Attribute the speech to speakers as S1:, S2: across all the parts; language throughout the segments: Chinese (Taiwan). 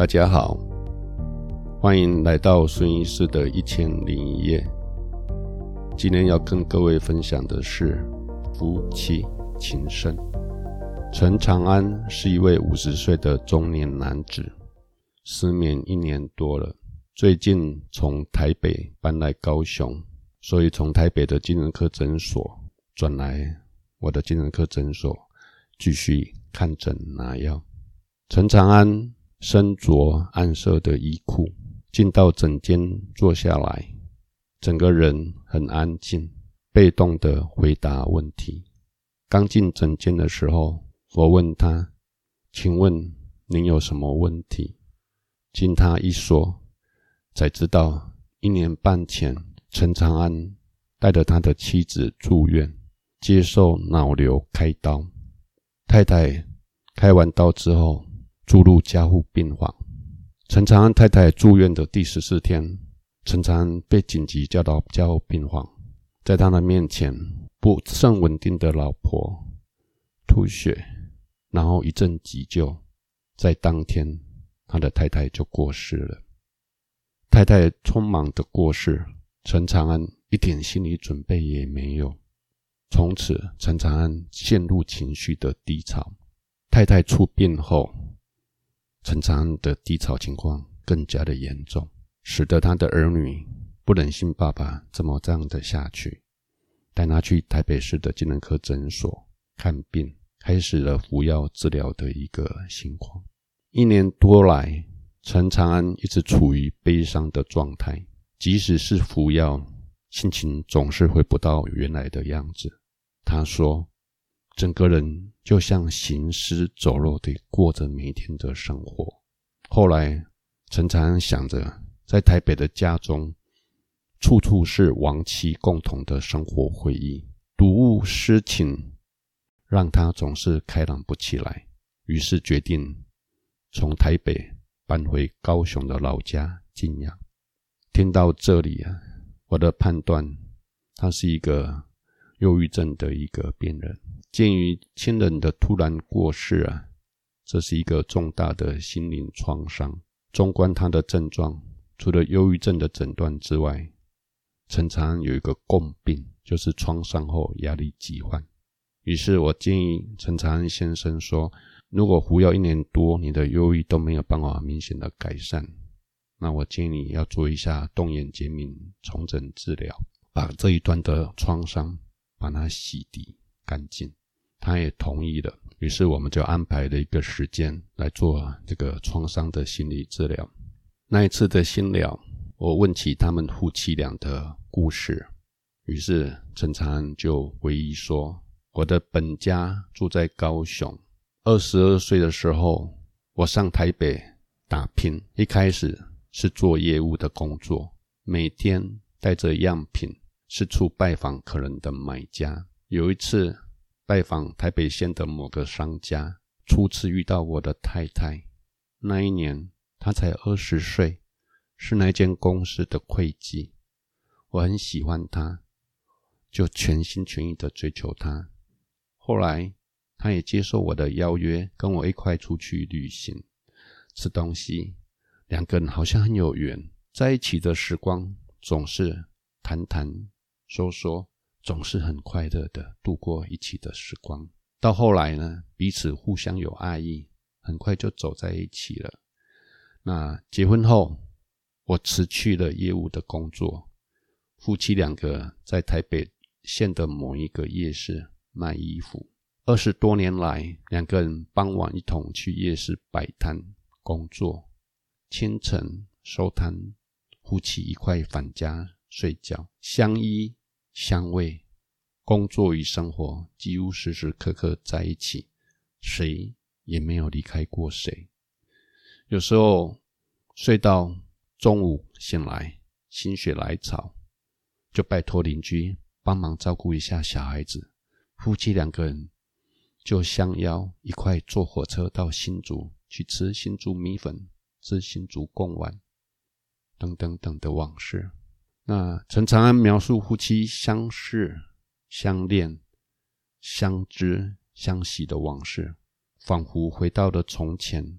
S1: 大家好，歡迎來到孫醫師的一千零一夜。今天要跟各位分享的是夫妻情深。陳長安是一位五十歲的中年男子，失眠一年多了，最近從台北搬來高雄，所以從台北的精神科診所轉來我的精神科診所繼續看診拿藥。陳長安。身着暗色的衣褲，進到診間坐下來，整個人很安靜，被動的回答問題。剛進診間的時候，我問他：“請問您有什麼問題？”經他一說，才知道一年半前，陳長安帶着他的妻子住院，接受腦瘤開刀。太太開完刀之後，住入加護病房。陳長安太太住院的第十四天，陳長安被緊急叫到加護病房，在他的面前，不甚穩定的老婆吐血，然後一陣急救，在當天，他的太太就過世了。太太匆忙的過世，陳長安一點心理準備也沒有。從此，陳長安陷入情緒的低潮。太太出殯後，陳長安的低潮情況更加的嚴重，使得他的兒女不忍心爸爸這麼這樣的下去，帶他去台北市的精神科診所看病，開始了服藥治療的一個情況。一年多來，陳長安一直處於悲傷的狀態，即使是服藥，心情總是回不到原來的樣子。他說。整個人就像行屍走肉的過着每天的生活。後來，陳長安想着在台北的家中，處處是亡妻共同的生活回憶，睹物思情，讓他總是開朗不起來。於是決定從台北搬回高雄的老家靜養。聽到這裡啊，我的判斷，他是一個。憂鬱症的一個病人，鑑於親人的突然過世啊，這是一個重大的心靈創傷。縱觀他的症狀，除了憂鬱症的診斷之外，陳長安有一個共病，就是創傷後壓力疾患。於是我建議陳長安先生說，如果服藥一年多，你的憂鬱都沒有辦法明顯的改善，那我建議你要做一下動眼減敏重整治療，把這一段的創傷。把它洗滌乾淨，他也同意了。於是我們就安排了一個時間來做這個創傷的心理治療。那一次的心療，我問起他們夫妻倆的故事，於是陳長安就回憶說：“我的本家住在高雄，二十二歲的時候，我上台北打拼，一開始是做業務的工作，每天帶着樣品。”四處拜訪可能的買家。有一次拜訪台北縣的某個商家，初次遇到我的太太。那一年她才二十歲，是那間公司的會計。我很喜歡她，就全心全意地追求她。後來她也接受我的邀約，跟我一塊出去旅行、吃東西，兩個人好像很有緣，在一起的時光總是談談，說說總是很快樂地度過一起的時光。到後來呢，彼此互相有愛意，很快就走在一起了。那結婚後，我辭去了業務的工作，夫妻兩個在台北縣的某一個夜市賣衣服。二十多年來，兩個人傍晚一同去夜市擺攤工作，清晨收攤，夫妻一塊返家睡覺，相依。相偎，工作與生活幾乎時時刻刻在一起，誰也沒有離開過誰。有時候睡到中午醒來，心血來潮，就拜托鄰居幫忙照顧一下小孩子，夫妻兩個人就相邀一塊坐火車到新竹去吃新竹米粉、吃新竹貢丸等等等的往事。那陳長安描述夫妻相識、相戀、相知、相惜的往事，仿佛回到了從前，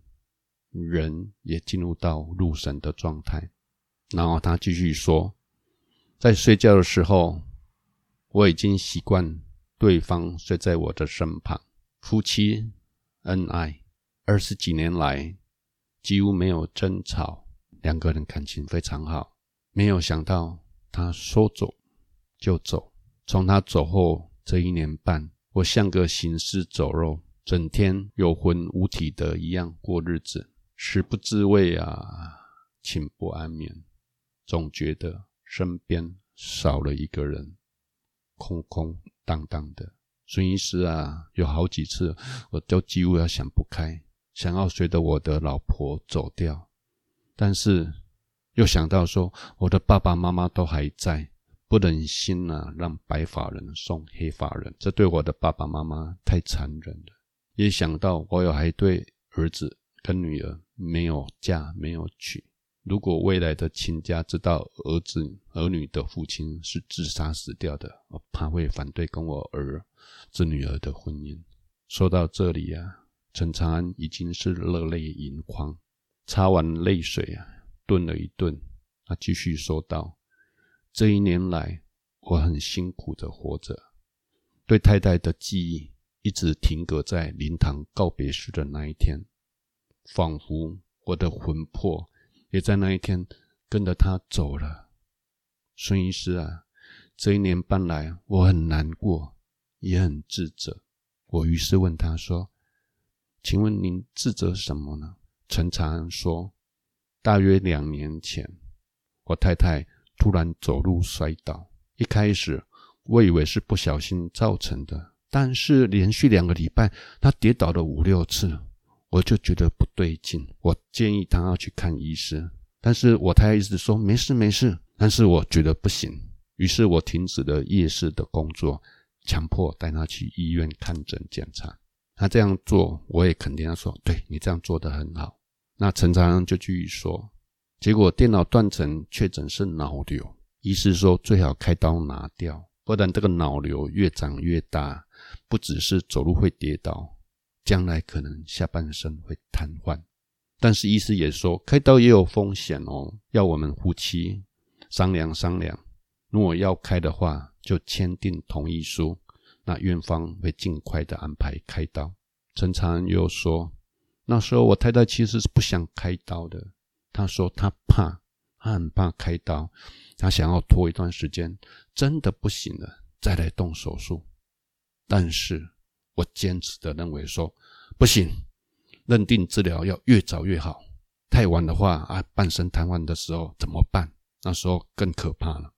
S1: 人也進入到入神的狀態。然後他繼續說，在睡覺的時候，我已經習慣對方睡在我的身旁，夫妻恩愛，二十幾年來幾乎沒有爭吵，兩個人感情非常好。沒有想到他說走就走。從他走後這一年半，我像個行屍走肉，整天有魂無體的一樣過日子，食不知味啊，寢不安眠，總覺得身邊少了一個人，空空蕩蕩的。孫醫師啊，有好幾次我都幾乎要想不開，想要隨着我的老婆走掉，但是。又想到說，我的爸爸媽媽都還在，不忍心啊，讓白髮人送黑髮人，這對我的爸爸媽媽太殘忍了。也想到我有還對兒子跟女兒沒有嫁沒有娶，如果未來的親家知道兒子兒女的父親是自殺死掉的，我怕會反對跟我兒子女兒的婚姻。說到這裡啊，陳長安已經是熱淚盈眶，擦完淚水啊。頓了一頓，他繼續說道：“這一年來，我很辛苦的活着，對太太的記憶一直停格在靈堂告別式的那一天，仿佛我的魂魄也在那一天跟着他走了。”孫醫師啊，這一年半來，我很難過，也很自責。我於是問他說：“請問您自責什麼呢？”陳長安說。大約兩年前，我太太突然走路摔倒。一開始我以為是不小心造成的，但是連續兩個禮拜，她跌倒了五六次，我就覺得不對勁。我建議她要去看醫生，但是我太太一直說沒事沒事。但是我覺得不行，於是我停止了夜市的工作，強迫帶她去醫院看診檢查。她這樣做，我也肯定要說，對你這樣做得很好。那陳長就繼續說，結果電腦斷層確診是腦瘤，醫師說最好開刀拿掉，不然這個腦瘤越長越大，不只是走路會跌倒，將來可能下半身會癱瘓。但是醫師也說，開刀也有風險哦，要我們夫妻商量商量，如果要開的話，就簽訂同意書，那院方會盡快的安排開刀。陳長又說。那時候我太太其實是不想開刀的，她說她怕，她很怕開刀，她想要拖一段時間，真的不行了再來動手術。但是我堅持的認為說不行，認定治療要越早越好，太晚的話啊，半身癱瘓的時候怎麼辦？那時候更可怕了。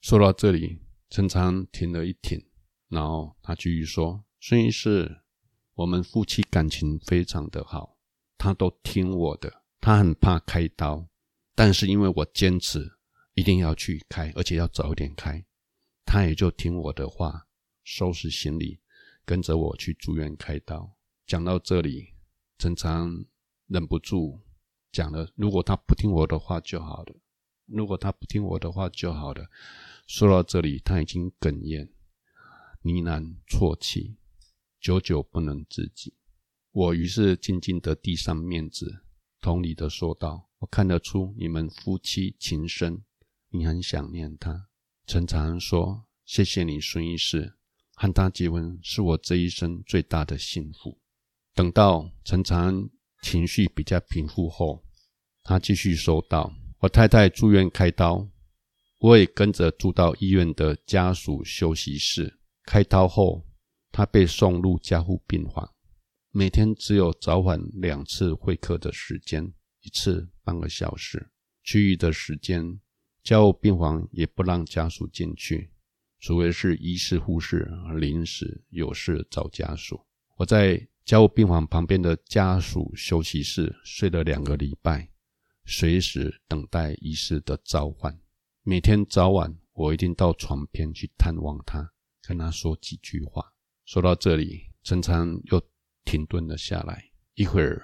S1: 說到這裡，陳昌停了一停，然後他繼續說：“孫醫師，我們夫妻感情非常的好。”他都聽我的，他很怕開刀，但是因為我堅持一定要去開，而且要早一點開，他也就聽我的話，收拾行李，跟着我去住院開刀。講到這裡，常常忍不住講了：“如果他不聽我的話就好了，如果他不聽我的話就好了。”說到這裡，他已經哽咽，呢喃啜泣，久久不能自己。我於是靜靜的遞上面子，同理的說道：“我看得出你們夫妻情深，你很想念他。”陳長恩說：“謝謝你，孫醫師，和他結婚是我這一生最大的幸福。”等到陳長恩情緒比較平復後，他繼續說道：“我太太住院開刀，我也跟着住到醫院的家屬休息室。開刀後，他被送入加護病房。”每天只有早晚兩次會客的時間，一次半個小時。其餘的時間，加護病房也不讓家屬進去，除非是醫師、護士臨時有事找家屬。我在加護病房旁邊的家屬休息室睡了兩個禮拜，隨時等待醫師的召喚。每天早晚，我一定到床邊去探望他，跟他說幾句話。說到這裡，陳昌又，停頓了下來一會兒，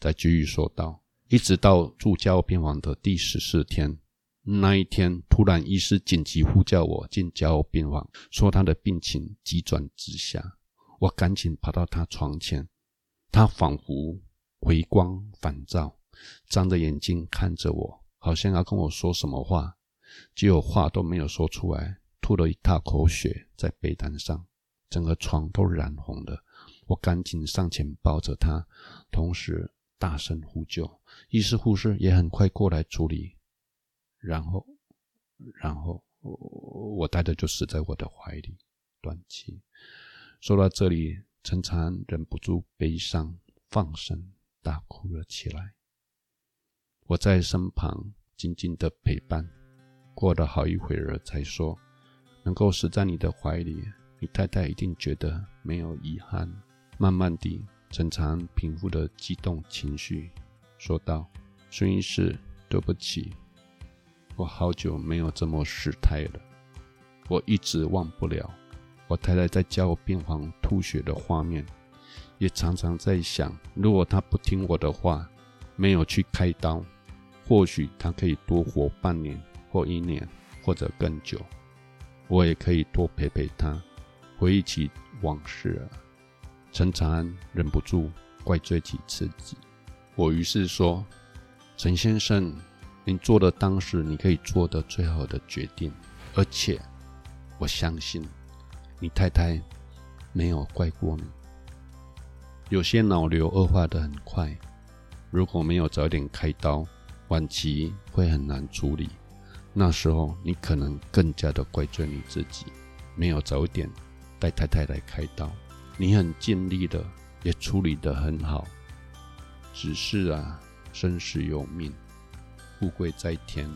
S1: 再繼續說道：“一直到住加護病房的第十四天，那一天突然醫師緊急呼叫我進加護病房，說他的病情急轉直下。我趕緊跑到他床前，他仿佛回光返照，張着眼睛看着我，好像要跟我說什麼話，結果話都沒有說出來，吐了一大口血在被單上，整個床都染紅了。”我趕緊上前抱着他，同時大聲呼救。醫生、護士也很快過來處理。然後，然後我我帶着就死在我的懷裡，斷氣。說到這裡，陳長忍不住悲傷，放聲大哭了起來。我在身旁靜靜地陪伴，過了好一會兒才說：“能夠死在你的懷裡，你太太一定覺得沒有遺憾。”慢慢地，陳長安平復了激動情緒，說道：“孫醫師，對不起，我好久沒有這麼失態了。我一直忘不了我太太在加護病房吐血的畫面，也常常在想，如果她不聽我的話，沒有去開刀，或許她可以多活半年或一年，或者更久。我也可以多陪陪她，回憶起往事啊。陳長安忍不住怪罪起自己，我於是說：“陳先生，你做的當時你可以做的最好的決定，而且我相信你太太沒有怪過你。有些腦瘤惡化得很快，如果沒有早點開刀，晚期會很難處理。那時候你可能更加的怪罪你自己，沒有早點帶太太來開刀。”你很盡力的，也處理得很好，只是啊，生死有命，富貴在天，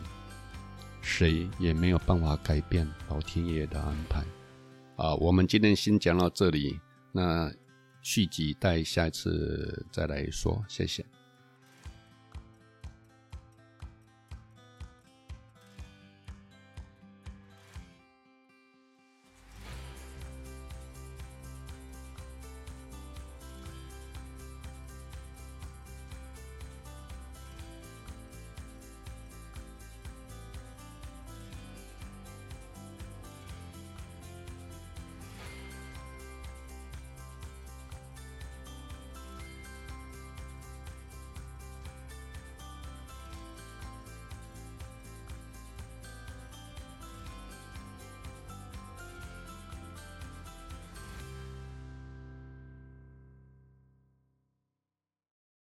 S1: 誰也沒有辦法改變老天爺的安排。啊，我們今天先講到這裡，那續集待下一次再來說，謝謝。